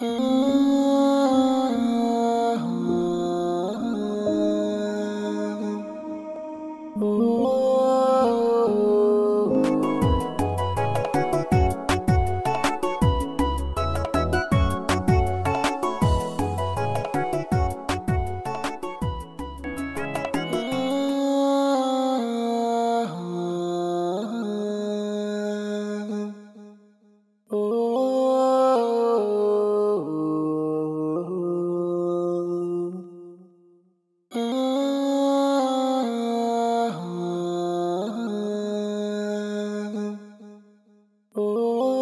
Mm-hmm.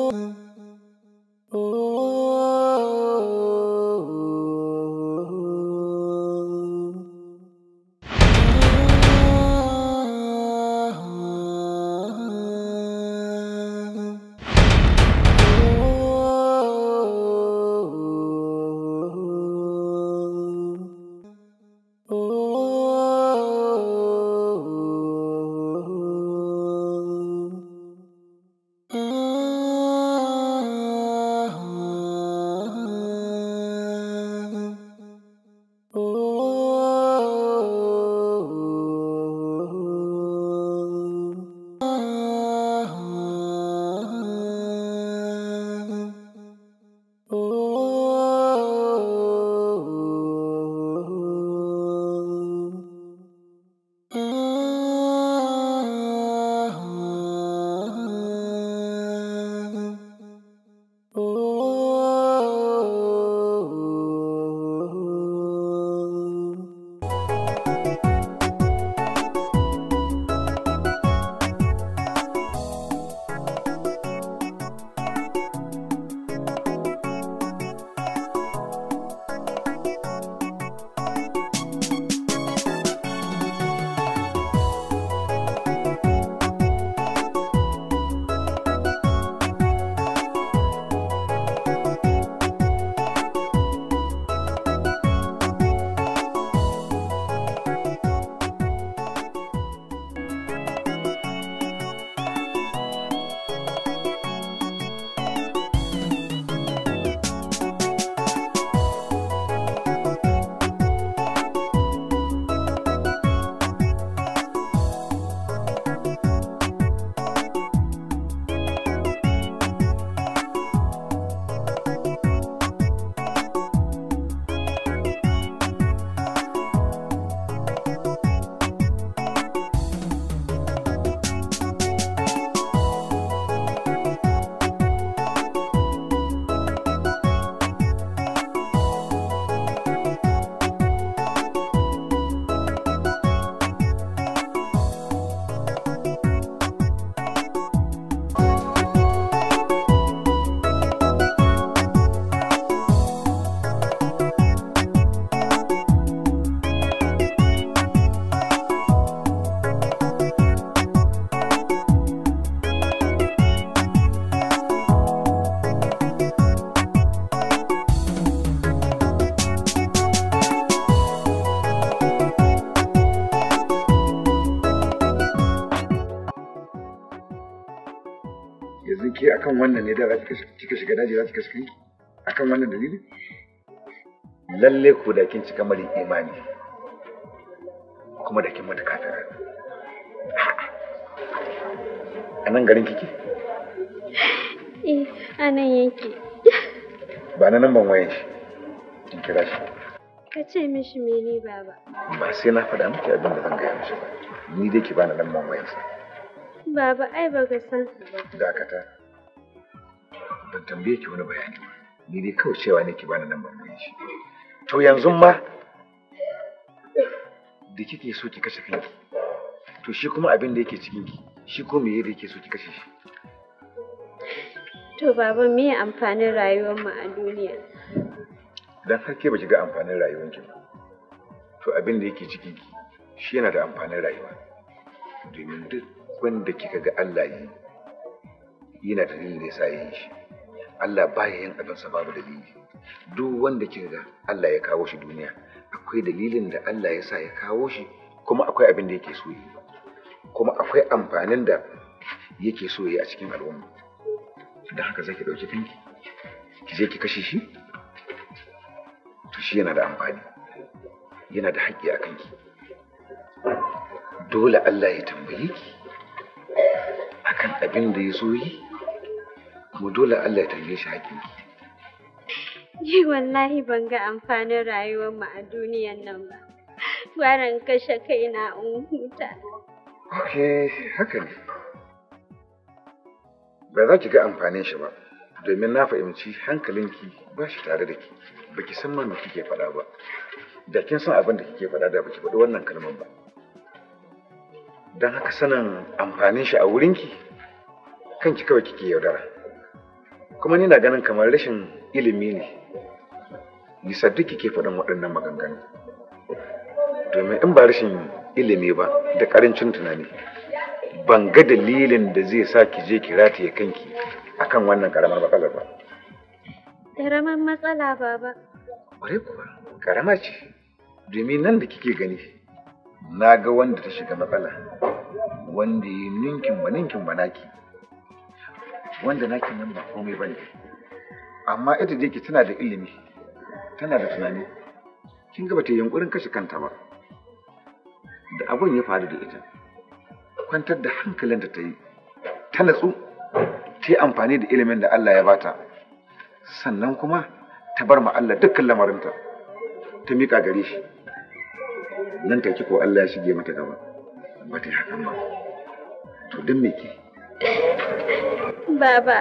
Oh. akan wannan ne da za kika shiga daji za kika shiga akan wannan dalili lalle ku da kin cika mari imani kuma da kin mata kafira a nan garin kike eh a nan yake ba na nan ban waye shi in kira shi ka ce mishi mene baba ba sai na faɗa miki abin da zan gaya mishi ba ni dai ki bani nan ban waye sa baba ai ba ka san ba dakata ban tambaye ki wani bayani ba ni dai kawai cewa ne ki bani lambar mai shi to yanzu ma da kike so ki kashe kanki to shi kuma abin da yake cikin ki shi ko meye da yake so ki kashe shi to baba me amfanin rayuwar mu a duniya dan har ke baki ga amfanin rayuwar ki to abin da yake cikin ki shi yana da amfanin rayuwa domin duk wanda kika ga Allah yi yana da dalilin da yasa yin shi Allah baya yin abinsa babu dalili duk wanda kika ga Allah ya kawo shi duniya akwai dalilin da Allah ya sa ya kawo shi kuma akwai abin da yake so yi kuma akwai amfanin da yake so yi a cikin al'umma da haka zaki dauki tanki ki je ki kashe shi to shi yana da amfani yana da haƙƙi a kanki dole Allah ya tambaye ki akan abin da ya so yi kuma dole Allah ya tambaye shi haƙƙin Ni wallahi ban ga amfanin rayuwar mu a duniyan nan ba. Gwaran kashe kaina in huta. Ok, haka ne. Ba za ki ga amfanin shi ba, domin na fahimci hankalinki ba shi tare da ki, ba ki san me kike faɗa ba. Da kin san abin da kike faɗa da ba ki faɗi wannan kalmar ba. Don haka sanin amfanin shi a wurinki, kanki kawai kike yaudara. kuma ni na ganin kamar rashin ilimi ne bisa duk ke faɗin waɗannan maganganu domin in ba rashin ilimi ba da ƙarancin tunani ban ga dalilin da zai sa ki je ki rataye kanki akan wannan karamar matsalar ba karamar matsala baba ƙwarai kuwa karama ce domin nan da kike gani na ga wanda ta shiga matsala wanda ya ninkin ba ninkin ba naki wanda naki nan ba komai bane amma ita da tana da ilimi tana da tunani kin ga bata yunkurin kashe kanta ba da abun ya faru da ita kwantar da hankalin da ta yi ta natsu ta yi amfani da ilimin da Allah ya bata sannan kuma ta bar ma Allah dukkan lamarinta ta miƙa gare shi nan take ko Allah ya shige mata gaba ba ta yi hakan ba to don me ke Baba.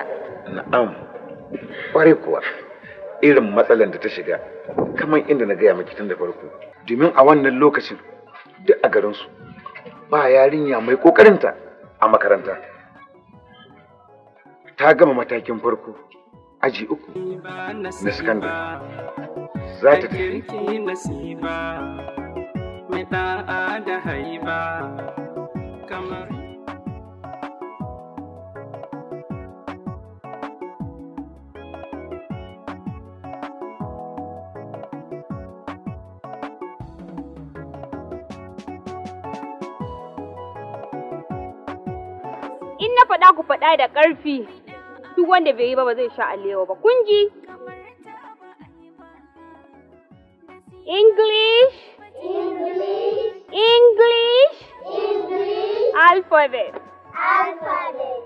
Na'am. Kwarai kuwa. Irin matsalar da ta shiga kamar inda na gaya miki tun da farko. Domin a wannan lokacin duk a garinsu ba yarinya mai ƙoƙarinta a makaranta. Ta gama matakin farko aji uku na sakandare. Za ta tafi. Mai da haiba kamar faɗa ku faɗa da ƙarfi duk wanda bai yi ba ba zai sha alewa ba kun ji English English English English alphabet alphabet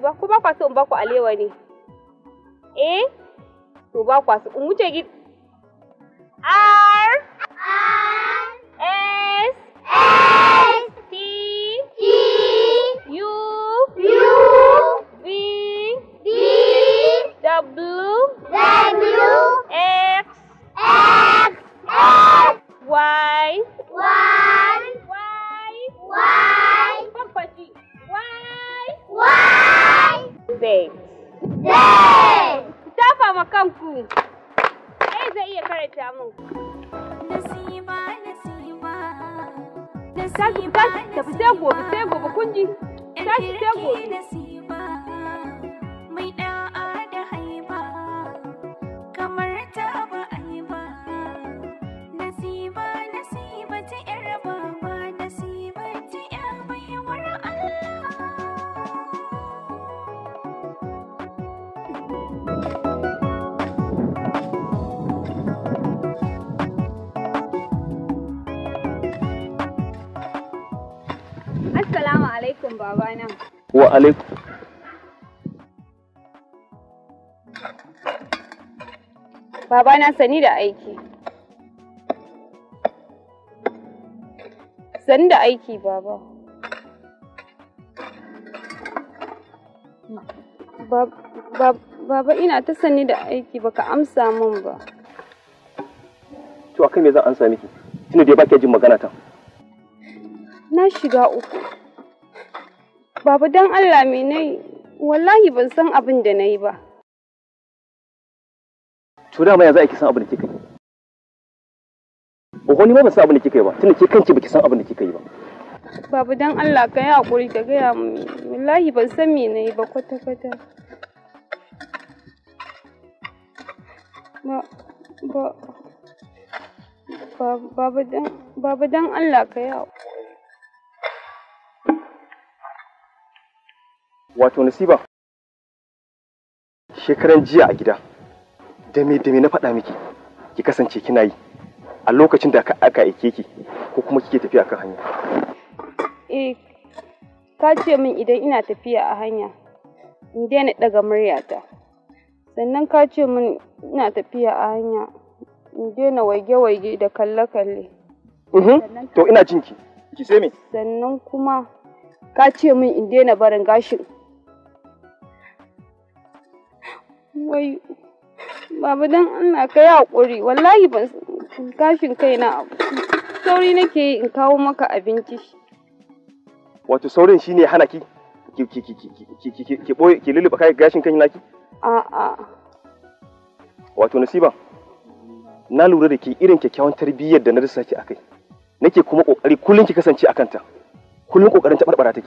zafi ba ko ba kwa so in ba ku alewa ne eh to ba kwa so in wuce sai gobe sai gobe kun ji tashi sai gobe babana. Wa alaikum. Babana sani da aiki. Sani da aiki baba. Baba ina ta sani da aiki baka amsa min ba. To kai me zan amsa miki? Tunda dai baki jin magana ta. Na shiga uku. Babu don Allah me na wallahi ban san abin da na yi ba. To dama yanzu za a ki san abin da kika yi. Oho ni ma ban san abin da kika yi ba, tunda ke ba baki san abin da kika yi ba. Babu don Allah ka yi haƙuri ka gaya mu wallahi ban san me na yi ba kwata-kwata. Ba, ba, Allah ka yi wato nasiba shekaran jiya a gida dame dame na faɗa miki ki kasance kina yi a lokacin da aka aka aike ki ko kuma kike tafiya kan hanya eh ka ce min idan ina tafiya a hanya in daina daga muryata sannan ka ce min ina tafiya a hanya in daina waige-waige da kalle-kalle mm-hmm. to ina jinki ki sai me sannan kuma ka ce min in daina barin gashin Wai, Baba don Allah ka yi haƙuri, wallahi ban gashin kaina abu. Sauri nake yi in kawo maka abinci. Wato saurin shi ne hana ki? Ki lulluɓa kai gashin kan naki? A'a. Wato nasiba, na lura da ke irin kyakkyawan tarbiyyar da na rasa ki akai. Nake kuma ƙoƙari kullum ki kasance a kanta. Kullum ƙoƙarin taɓarɓara take.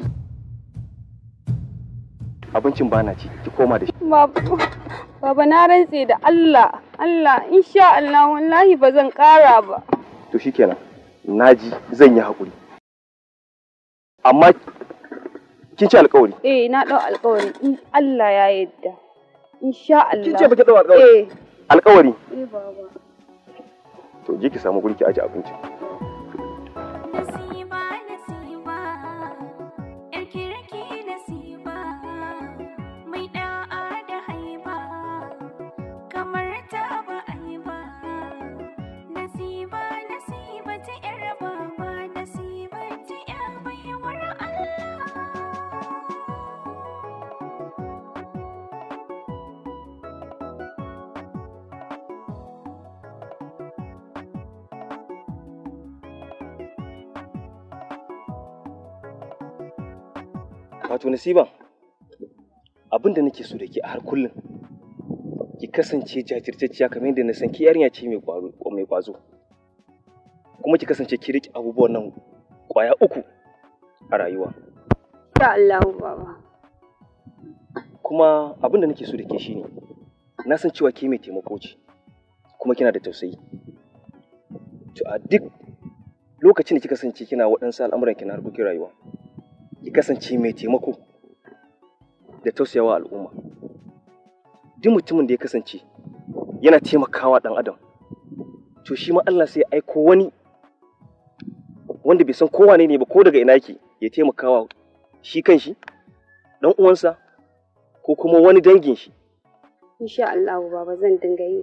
abincin bana ci ki koma da shi baba na rantse da Allah Allah insha Allah wallahi ba zan kara ba to shikenan naji zan yi hakuri amma kin ci alƙawari eh na dau alƙawari in Allah ya yarda insha Allah kin ce baki dau alƙawari eh alƙawari eh baba to je ki samu gurki aje abincin Wato nasiban abin da nake so da ke a har kullum ki kasance jajirtacciya kamar yadda na san ki yarinya ce mai kwaro mai kwazo kuma ki kasance ki riƙe abubuwan nan kwaya uku a rayuwa ya Allahu baba kuma abin da nake so da ke shine na san cewa ke mai taimako ce kuma kina da tausayi to a duk lokacin da kika kasance kina waɗansu al'amuran kina harkokin rayuwa ya kasance mai taimako da tausayawa al'umma duk mutumin da ya kasance yana taimakawa ɗan adam to shi ma Allah sai aiko wani wanda bai san kowa ne ba ko daga ina yake ya taimakawa shi kanshi dan uwansa ko kuma wani dangin shi insha Allah baba zan dinga yi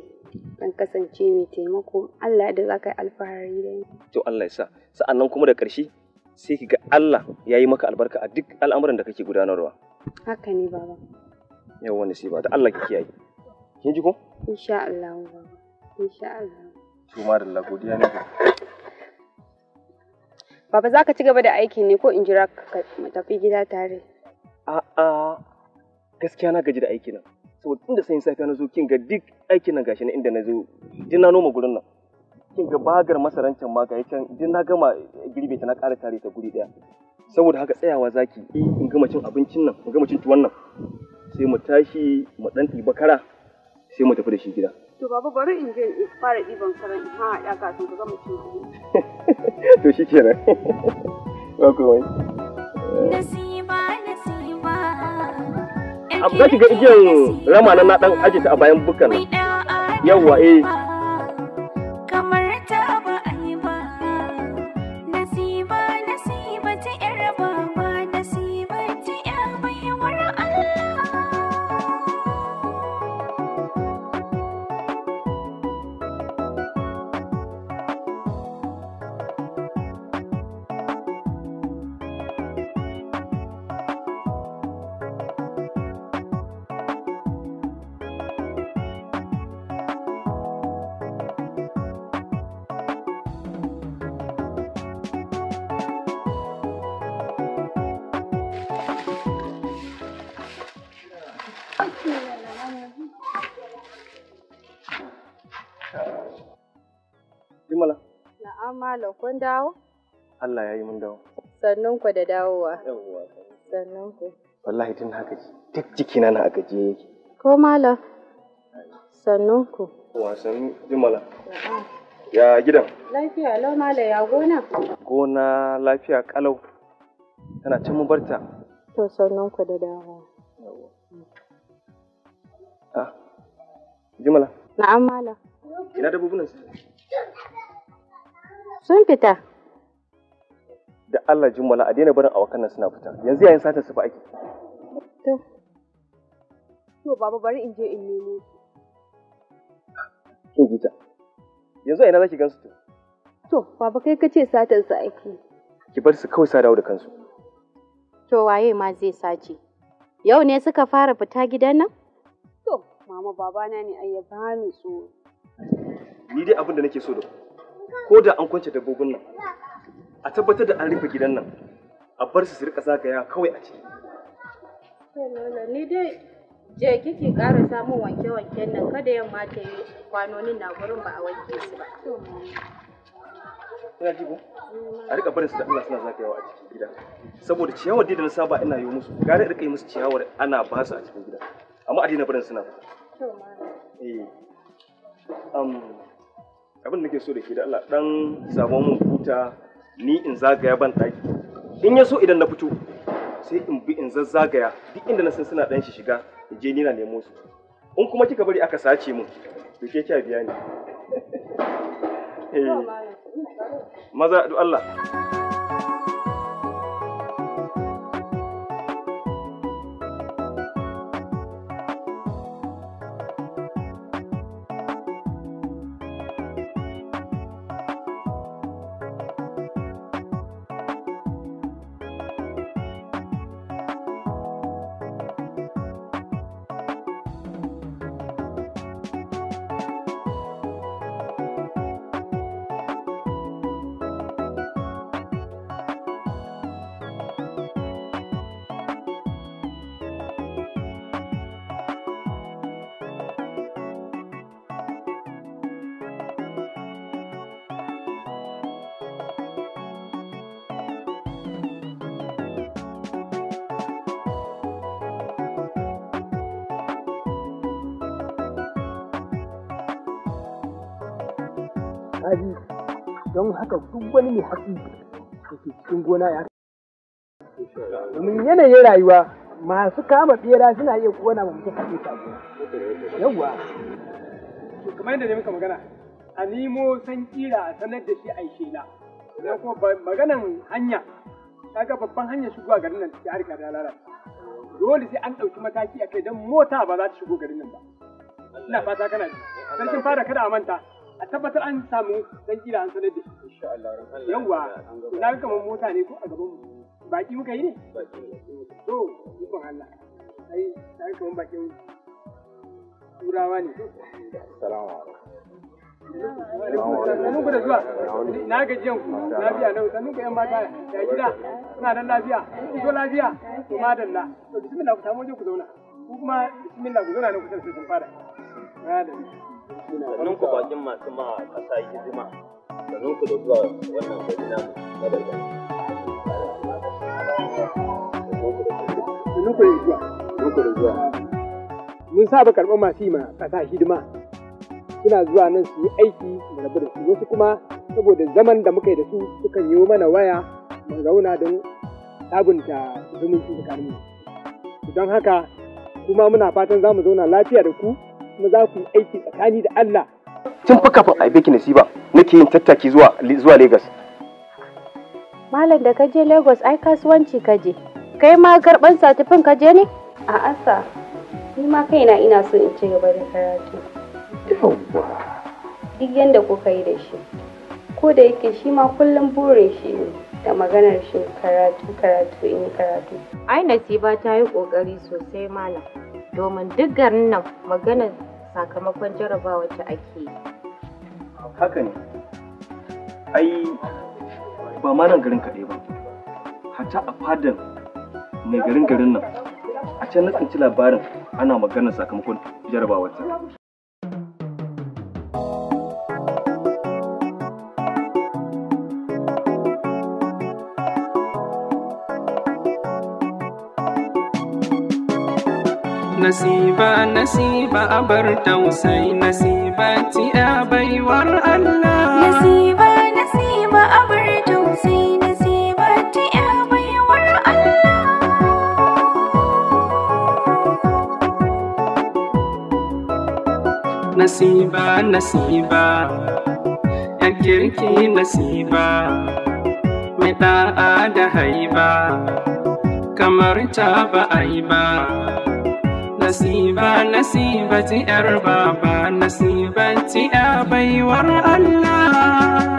zan kasance mai taimako Allah da zaka yi alfahari da ni to Allah ya sa sa'annan kuma da ƙarshe sai ki ga Allah ya yi maka albarka a duk al'amuran da kake gudanarwa. Haka ne baba. sai nasiba da Allah ki kiyaye. Kin ji ko? Insha Allah baba. Insha Allah. Kuma da Allah godiya ne. Baba za ka ci gaba da aiki ne ko in jira ka tafi gida tare? A'a gaskiya na gaji da aiki nan. Saboda inda sayin safiya na zo kin ga duk aikin nan gashi na inda na zo. Duk noma gurin nan. cikin ga bagar masaran can ma can din na gama girbe ta na ƙara tare ta guri ɗaya saboda haka tsayawa zaki in gama cin abincin nan in gama cin tuwon nan sai mu tashi mu ɗan ɗiba kara sai mu tafi da shi gida. To baba bari in je in fara ɗiban kara in ha ya kafin ka gama cin To shi kenan. Ba ku wai. Abu za ki ga igiyar rama na ɗan ajiye ta a bayan bukkan nan. Yawwa eh. An malam kun dawo? Allah ya yi mun dawo. Sannan ku da dawowa. Sannan ku. Wallahi tun haka duk jikina na a gaje yake. Ko malam? Sannan ku. Wasan jimala. Ya gidan? Lafiya lau malam ya gona? Gona lafiya kalau. Tana can mu barta. To sannan ku da dawowa. Ah, Jimala. Na'am malam. Ina bubunan su? sun fita. Da Allah jummala a daina barin awakan nan suna fita. Yanzu yayin satar su fa ake. To. To baba bari in je in nemo su. Kin gita. Yanzu a ina zaki gansu to? To baba kai ka ce satar su ake. Ki bar su kawai sa dawo da kansu. To waye ma zai sace? Yau ne suka fara fita gidan nan? To mama babana ne ayyaba ya tsoro. Ni dai abin da nake so da ku. ko da an kwance dabbobin nan a tabbatar da an rufe gidan nan a bar su su rika zagaya kawai a ciki ni dai je kike ƙara samun wanke-wanken nan kada yamma ta yi kwanonin na gurin ba a wanke su ba kuna ji a rika barin su da Allah suna zagayawa a cikin gida saboda ciyawar da na saba ina yi musu gare rika yi musu ciyawar ana ba su a cikin gida amma a daina barin suna eh um abin da nake so da ke da Allah dan samu mun huta ni in zagaya ban taki in ya so idan na fito sai in bi in zazzagaya duk inda na san suna dan shi shiga in je ni na nemo su in kuma kika bari aka sace mu to ke kya biya ni eh. maza Allah sahabi don haka duk wani mai haƙi da ke cikin gona ya domin yanayin rayuwa masu kama ɓera suna iya kona ma mutum haƙi ta yawwa kamar yadda muka magana a nemo san kira a sanar da shi a shela idan kuma maganan hanya kaga babban hanyar shigowa garin nan ta harka da lalata dole sai an ɗauki mataki a kai don mota ba za ta shigo garin nan ba ina fata kana ji sarkin fara kada a manta a tabbatar an samu dan kila an sanar da shi insha Allah yawa na ga kaman mota ne ko a gaban mu baki muka yi ne baki to ikon Allah ai na ga kaman bakin turawa ne assalamu alaikum sannun ku da zuwa na gajiyan ku lafiya nau sannun ku yan mata ya gida suna dan lafiya ku lafiya to madalla to bismillah ku samu waje ku zauna ku kuma bismillah ku zauna ne ku san sun fara madalla sannan ku bakin masu ma sannan ku da zuwa wannan gari na sannan ku da zuwa sannan ku da zuwa mun saba karɓar masu yi ma ƙasa hidima suna zuwa nan su yi aiki da rabu da su wasu kuma saboda zaman da muka yi da su sukan yi mana waya mu zauna don sabunta zumunci tsakaninmu don haka kuma muna fatan za mu zauna lafiya da ku kuma za ku yi aiki tsakani da Allah. Tun fi kafin a biki nasiba nake yin tattaki zuwa zuwa Lagos. Malam da ka je Lagos ai kasuwanci ka je. Kai ma karban satifin ka je ne? A asa. Ni ma kaina ina so in ci gaba da karatu. Duk yadda kuka yi da shi. Ko da yake shi ma kullum burin shi ne da maganar shi karatu karatu in karatu. Ai nasiba ta yi kokari sosai malam. domin duk garin nan maganar sakamakon jarabawa ta ake yi. Haka ne, ai ba ma nan garin kaɗai ba, hata a fadar mai garin garin nan, a can na ci labarin ana maganar sakamakon jarabawar ta. nasiba nasiba abar tausai nasiba ti ya baiwar Allah nasiba nasiba abar tausai nasiba ti ya baiwar Allah nasiba nasiba ya kirki nasiba mai da'a da haiba kamar ta ba a yi ba nasiba nasibati yar baba nasibati ya baiwar Allah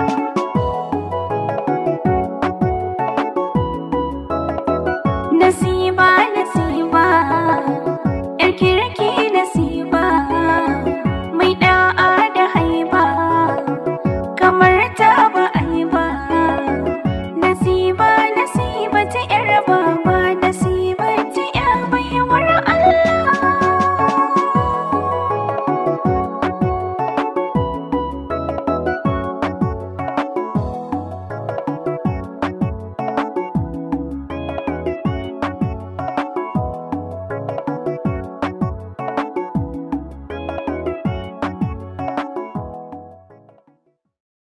nasiba